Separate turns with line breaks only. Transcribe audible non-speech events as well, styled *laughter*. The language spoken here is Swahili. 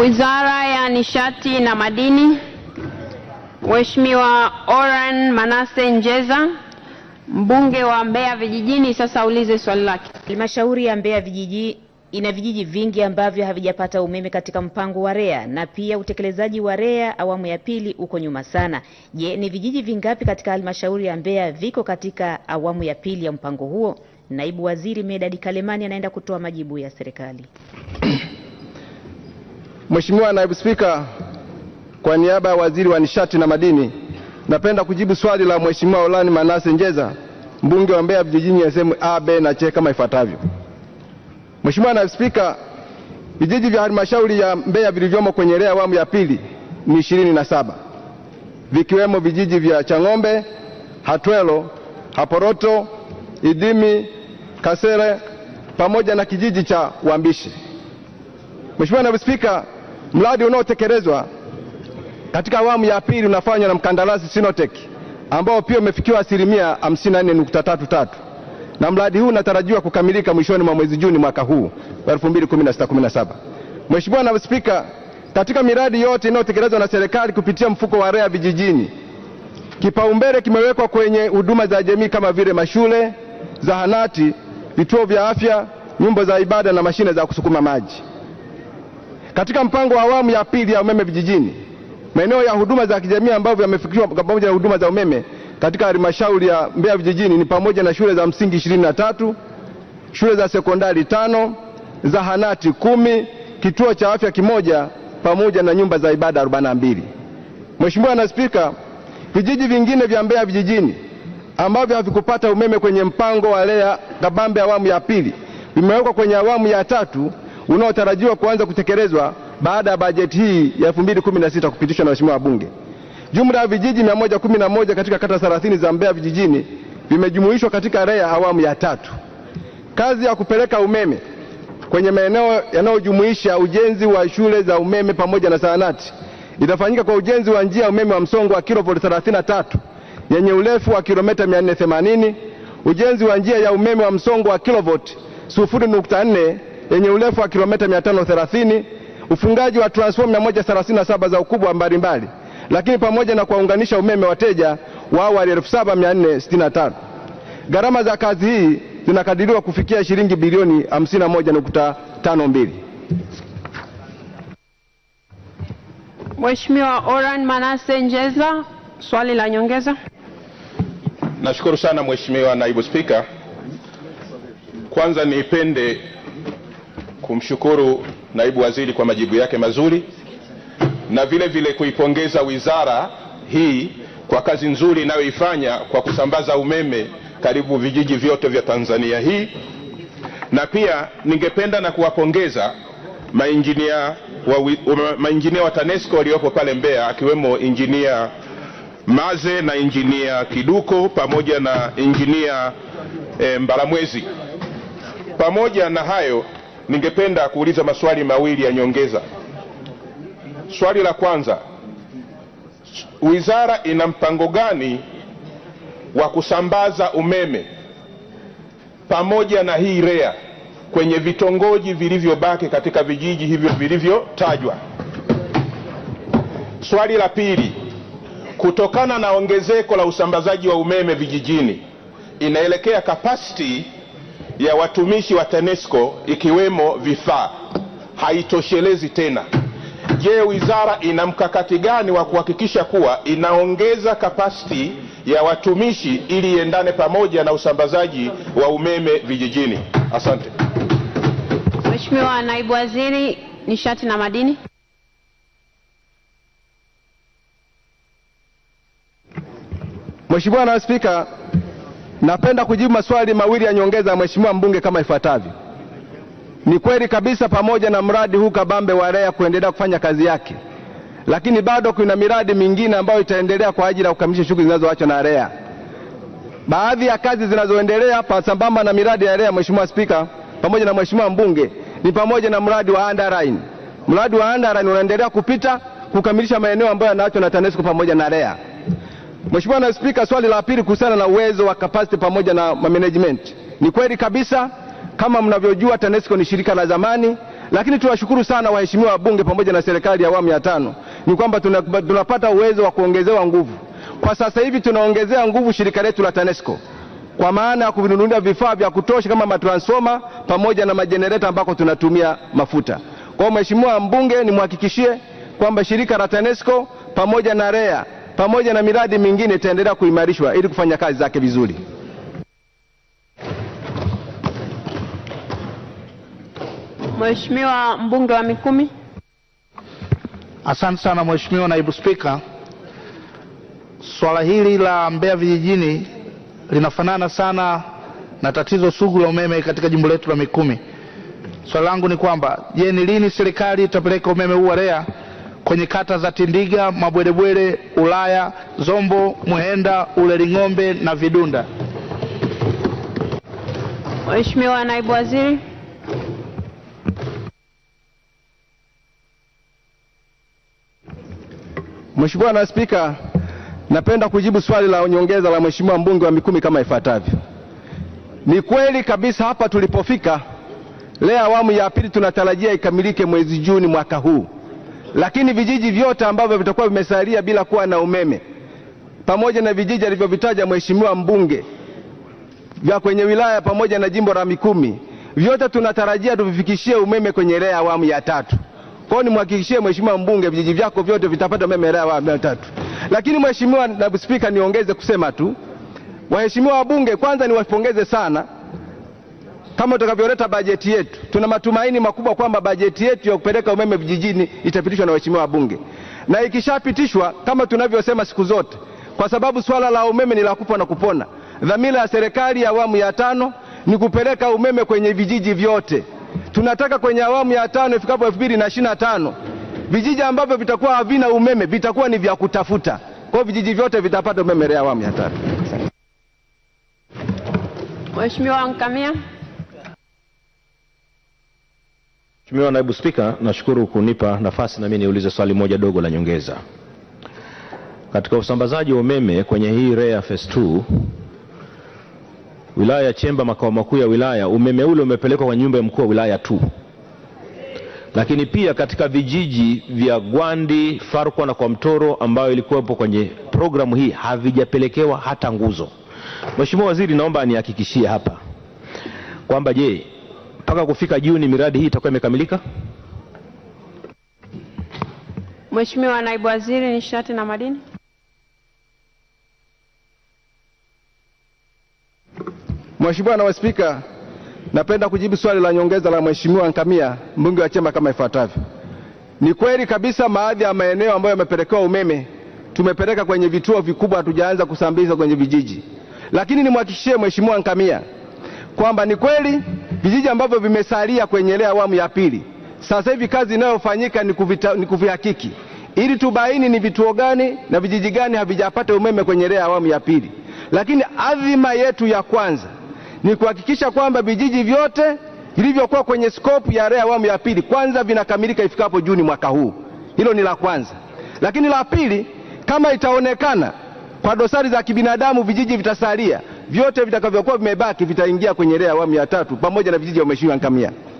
Wizara ya Nishati na Madini, Mheshimiwa Oran Manase Njeza, mbunge wa Mbeya Vijijini, sasa ulize swali lake.
Halmashauri ya Mbeya Vijiji ina vijiji vingi ambavyo havijapata umeme katika mpango wa REA na pia utekelezaji wa REA awamu ya pili uko nyuma sana. Je, ni vijiji vingapi katika halmashauri ya Mbeya viko katika awamu ya pili ya mpango huo? Naibu Waziri Medadi Kalemani anaenda kutoa majibu ya serikali. *coughs*
Mheshimiwa Naibu Spika, kwa niaba ya Waziri wa Nishati na Madini, napenda kujibu swali la Mheshimiwa Olani Manase Njeza, mbunge wa Mbeya vijijini sehemu A, B na C kama ifuatavyo. Mheshimiwa Naibu Spika, vijiji vya halmashauri ya Mbeya vilivyomo kwenye rea awamu ya pili ni ishirini na saba vikiwemo vijiji vya Chang'ombe, Hatwelo, Haporoto, Idimi, Kasere pamoja na kijiji cha Wambishi. Mheshimiwa Naibu Spika, Mradi unaotekelezwa katika awamu ya pili unafanywa na mkandarasi Sinotec ambao pia umefikiwa asilimia 54.33 na mradi huu unatarajiwa kukamilika mwishoni mwa mwezi Juni mwaka huu wa 2016 2017 Mheshimiwa Naibu Spika, katika miradi yote inayotekelezwa na serikali kupitia mfuko wa REA vijijini, kipaumbele kimewekwa kwenye huduma za jamii kama vile mashule, zahanati, vituo vya afya, nyumba za ibada na mashine za kusukuma maji. Katika mpango wa awamu ya pili ya umeme vijijini, maeneo ya huduma za kijamii ambavyo yamefikishwa pamoja na huduma za umeme katika halmashauri ya Mbeya vijijini ni pamoja na shule za msingi ishirini na tatu, shule za sekondari tano, zahanati kumi, kituo cha afya kimoja pamoja na nyumba za ibada 42. Mheshimiwa na Spika, vijiji vingine vya Mbeya vijijini ambavyo havikupata umeme kwenye mpango wa REA kabambe awamu ya pili vimewekwa kwenye awamu ya tatu unaotarajiwa kuanza kutekelezwa baada ya bajeti hii ya 2016 kupitishwa na waheshimiwa wabunge. Jumla ya vijiji 111 katika kata 30 za Mbeya vijijini vimejumuishwa katika REA awamu ya tatu. Kazi ya kupeleka umeme kwenye maeneo yanayojumuisha ujenzi wa shule za umeme pamoja na zahanati itafanyika kwa ujenzi wa njia ya umeme wa msongo wa kilovolti 33 yenye urefu wa kilomita 480, ujenzi wa njia ya umeme wa msongo wa kilovolti 0.4 yenye urefu wa kilomita 530, ufungaji wa transform 137 za ukubwa mbalimbali, lakini pamoja na kuwaunganisha umeme wateja wa awali 7465. Gharama za kazi hii zinakadiriwa kufikia shilingi bilioni 51.52.
Mheshimiwa Oran Manase Njeza, swali la nyongeza.
Nashukuru sana Mheshimiwa Naibu Spika. Kwanza niipende kumshukuru naibu waziri kwa majibu yake mazuri na vile vile kuipongeza wizara hii kwa kazi nzuri inayoifanya kwa kusambaza umeme karibu vijiji vyote vya Tanzania hii, na pia ningependa na kuwapongeza mainjinia wa, mainjinia wa TANESCO waliopo pale Mbeya akiwemo injinia Maze na injinia Kiduko pamoja na injinia e, eh, Mbaramwezi. Pamoja na hayo ningependa kuuliza maswali mawili ya nyongeza. Swali la kwanza, wizara ina mpango gani wa kusambaza umeme pamoja na hii REA kwenye vitongoji vilivyobaki katika vijiji hivyo vilivyotajwa? Swali la pili, kutokana na ongezeko la usambazaji wa umeme vijijini, inaelekea kapasiti ya watumishi wa TANESCO ikiwemo vifaa haitoshelezi tena. Je, wizara ina mkakati gani wa kuhakikisha kuwa inaongeza kapasiti ya watumishi ili iendane pamoja na usambazaji wa umeme vijijini? Asante.
Mheshimiwa Naibu Waziri Nishati na Madini.
Mheshimiwa Naibu Spika, Napenda kujibu maswali mawili ya nyongeza ya mheshimiwa mbunge kama ifuatavyo. Ni kweli kabisa, pamoja na mradi huu kabambe wa REA kuendelea kufanya kazi yake, lakini bado kuna miradi mingine ambayo itaendelea kwa ajili ya kukamilisha shughuli zinazoachwa na REA. Baadhi ya kazi zinazoendelea sambamba na miradi ya REA, Mheshimiwa Spika, pamoja na mheshimiwa mbunge, ni pamoja na mradi wa Underline. Mradi wa Underline unaendelea kupita kukamilisha maeneo ambayo yanaachwa na TANESCO pamoja na REA. Mheshimiwa Naibu Spika, swali la pili kuhusiana na uwezo wa capacity pamoja na management. Ni kweli kabisa kama mnavyojua TANESCO ni shirika la zamani, lakini tunashukuru sana waheshimiwa wabunge pamoja na serikali ya awamu ya tano ni kwamba tunapata uwezo wa kuongezewa nguvu. Kwa sasa hivi tunaongezea nguvu shirika letu la TANESCO kwa maana ya kuvinunulia vifaa vya kutosha kama matransforma pamoja na majenereta ambako tunatumia mafuta. Kwa hiyo Mheshimiwa mbunge, nimhakikishie kwamba shirika la TANESCO pamoja na REA pamoja na miradi mingine itaendelea kuimarishwa ili kufanya kazi zake vizuri.
Mheshimiwa mbunge wa Mikumi.
Asante sana Mheshimiwa naibu Spika, swala hili la Mbeya vijijini linafanana sana na tatizo sugu la umeme katika jimbo letu la Mikumi. Swali langu ni kwamba je, ni lini serikali itapeleka umeme huu REA kwenye kata za Tindiga, Mabwerebwere, Ulaya, Zombo, Muhenda, Uleling'ombe na Vidunda.
Mheshimiwa Naibu Waziri.
Mheshimiwa na Spika, napenda kujibu swali la nyongeza la Mheshimiwa mbunge wa Mikumi kama ifuatavyo. Ni kweli kabisa hapa tulipofika leo, awamu ya pili tunatarajia ikamilike mwezi Juni mwaka huu. Lakini vijiji vyote ambavyo vitakuwa vimesalia bila kuwa na umeme pamoja na vijiji alivyovitaja mheshimiwa mbunge vya kwenye wilaya pamoja na jimbo la Mikumi, vyote tunatarajia tuvifikishie umeme kwenye REA awamu ya tatu. Kwa hiyo nimhakikishie mheshimiwa mbunge vijiji vyako vyote vitapata umeme REA awamu ya tatu. Lakini mheshimiwa naibu spika, niongeze kusema tu waheshimiwa wabunge, kwanza niwapongeze sana kama utakavyoleta bajeti yetu, tuna matumaini makubwa kwamba bajeti yetu ya kupeleka umeme vijijini itapitishwa na waheshimiwa wabunge, na ikishapitishwa, kama tunavyosema siku zote, kwa sababu swala la umeme ni la kufa na kupona, dhamira ya serikali ya awamu ya tano ni kupeleka umeme kwenye vijiji vyote. Tunataka kwenye awamu ya tano ifikapo elfu mbili na ishirini na tano vijiji ambavyo vitakuwa havina umeme vitakuwa ni vya kutafuta. Kwa hiyo vijiji vyote vitapata umeme ya awamu ya tatu.
Mheshimiwa Nkamia.
Mheshimiwa Naibu Spika, nashukuru kunipa nafasi na nami niulize swali moja dogo la nyongeza. Katika usambazaji wa umeme kwenye hii REA Phase 2 wilaya ya Chemba makao makuu ya wilaya, umeme ule umepelekwa kwa nyumba ya mkuu wa wilaya tu, lakini pia katika vijiji vya Gwandi, Farkwa na Kwamtoro ambayo ilikuwepo kwenye programu hii havijapelekewa hata nguzo. Mheshimiwa Waziri, naomba anihakikishie hapa kwamba je, mpaka kufika Juni miradi hii itakuwa imekamilika?
Mheshimiwa Naibu Waziri Nishati na Madini.
Mheshimiwa Naibu Spika, napenda kujibu swali la nyongeza la Mheshimiwa Nkamia mbunge wa chama kama ifuatavyo. Ni kweli kabisa baadhi ya maeneo ambayo yamepelekewa umeme tumepeleka kwenye vituo vikubwa, hatujaanza kusambiza kwenye vijiji, lakini nimhakikishie Mheshimiwa Nkamia kwamba ni kweli Vijiji ambavyo vimesalia kwenye ile awamu ya pili, sasa hivi kazi inayofanyika ni, kuvihakiki ili tubaini ni vituo gani na vijiji gani havijapata umeme kwenye ile awamu ya pili. Lakini adhima yetu ya kwanza ni kuhakikisha kwamba vijiji vyote vilivyokuwa kwenye skopu ya ile awamu ya pili kwanza vinakamilika ifikapo Juni mwaka huu. Hilo ni la kwanza. Lakini la pili, kama itaonekana kwa dosari za kibinadamu vijiji vitasalia vyote vitakavyokuwa vimebaki vitaingia kwenye rea awamu ya tatu pamoja na vijiji vya Mheshimiwa Nkamia.